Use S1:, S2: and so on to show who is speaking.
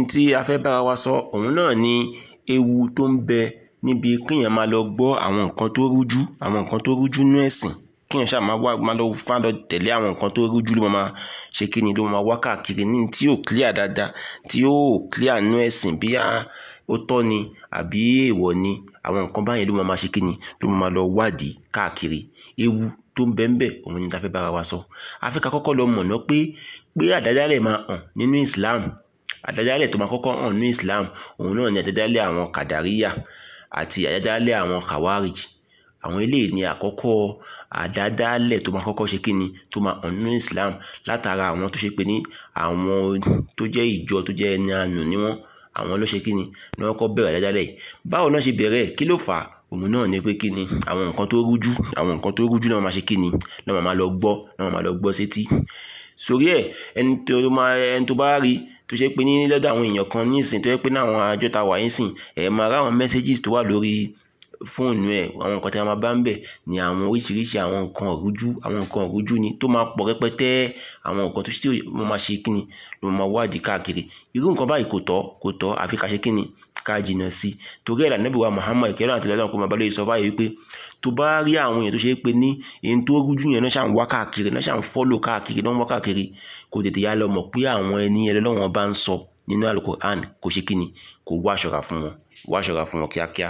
S1: n tí a fẹ́ bára wa sọ òun náà ni ewu tó ń bẹ níbi kéèyàn máa lọ gbọ́ àwọn nǹkan tó rújú àwọn nǹkan tó rújú nú ẹ̀sìn kéèyàn ṣáà máa wá máa lọ fá lọ tẹ̀lé àwọn nǹkan tó rújú ló máa ṣe kí ni ló máa wá káàkiri ní tí ò clear dáadáa tí ò clear nú ẹ̀sìn bí ó tọ́ ni àbí èèwọ̀ ni àwọn nǹkan báyẹn ló máa ṣe kí ni ló máa lọ wádìí káàkiri ewu tó ń bẹ ń bẹ òun ni ta fẹ́ bára wa sọ a kọ́kọ́ lọ mọ̀ná pé pé àdádálẹ̀ máa hàn nínú Islam àdádálẹ̀ tó máa kọ́kọ́ hàn ní Islam òun náà ni àdádálẹ̀ àwọn kàdáríyà àti àdádálẹ̀ àwọn khawarij àwọn eléyìí ni àkọ́kọ́ àdádálẹ̀ tó máa kọ́kọ́ ṣe kí ni tó máa hàn nínú Islam látara àwọn tó ṣe pé ní àwọn tó jẹ́ ìjọ tó jẹ́ ẹni àánú ni wọ́n àwọn ló ṣe kí ni ni wọ́n kọ́ bẹ̀rẹ̀ àdádálẹ̀ yìí báwo náà ṣe bẹ̀rẹ̀ kí ló fà á òun náà ni pé kí ni àwọn nǹkan tó rújú àwọn nǹkan tó rújú náà máa ṣe kí ni náà máa lọ gbọ́ náà máa lọ gbọ́ sétí sórí ẹ̀ ẹni tó bá rí tó ṣe pé ní lọ́dọ̀ àwọn èèyàn kan nísìn tó yẹ pé náà àwọn àjọ ta wà nísìn ẹ̀ máa rá àwọn tó wà lórí fóònù ẹ̀ àwọn nǹkan tí a máa bá ń bẹ̀ ni àwọn oríṣiríṣi àwọn nǹkan òrújú àwọn nǹkan òrújú ni tó máa pọ̀ rẹpẹtẹ àwọn nǹkan tó ṣe tí mo máa ṣe kíni ló máa wádìí káàkiri irú nǹkan báyìí kò tọ́ kò tọ́ àfi ká ṣe kíni ká jìnnà sí torí ẹ̀ lànà ìbíwá Muhammad ìkẹ́lẹ́ àti ìlànà ọkùnrin abalẹ̀ sọ fáyé wípé tó bá rí àwọn èèyàn tó ṣe é pé ní èyí tó rújú yẹn náà ṣàn wá káàkiri náà ṣàn fọ́lò káàkiri náà wá káàkiri kò tètè yá lọ mọ̀ pé àwọn ẹni ẹlọ́wọ̀n bá ń sọ nínú Al-Qur'an kò ṣe kíni kò wá ṣọ́ra fún wọn wá ṣọ́ra fún wọn kíákíá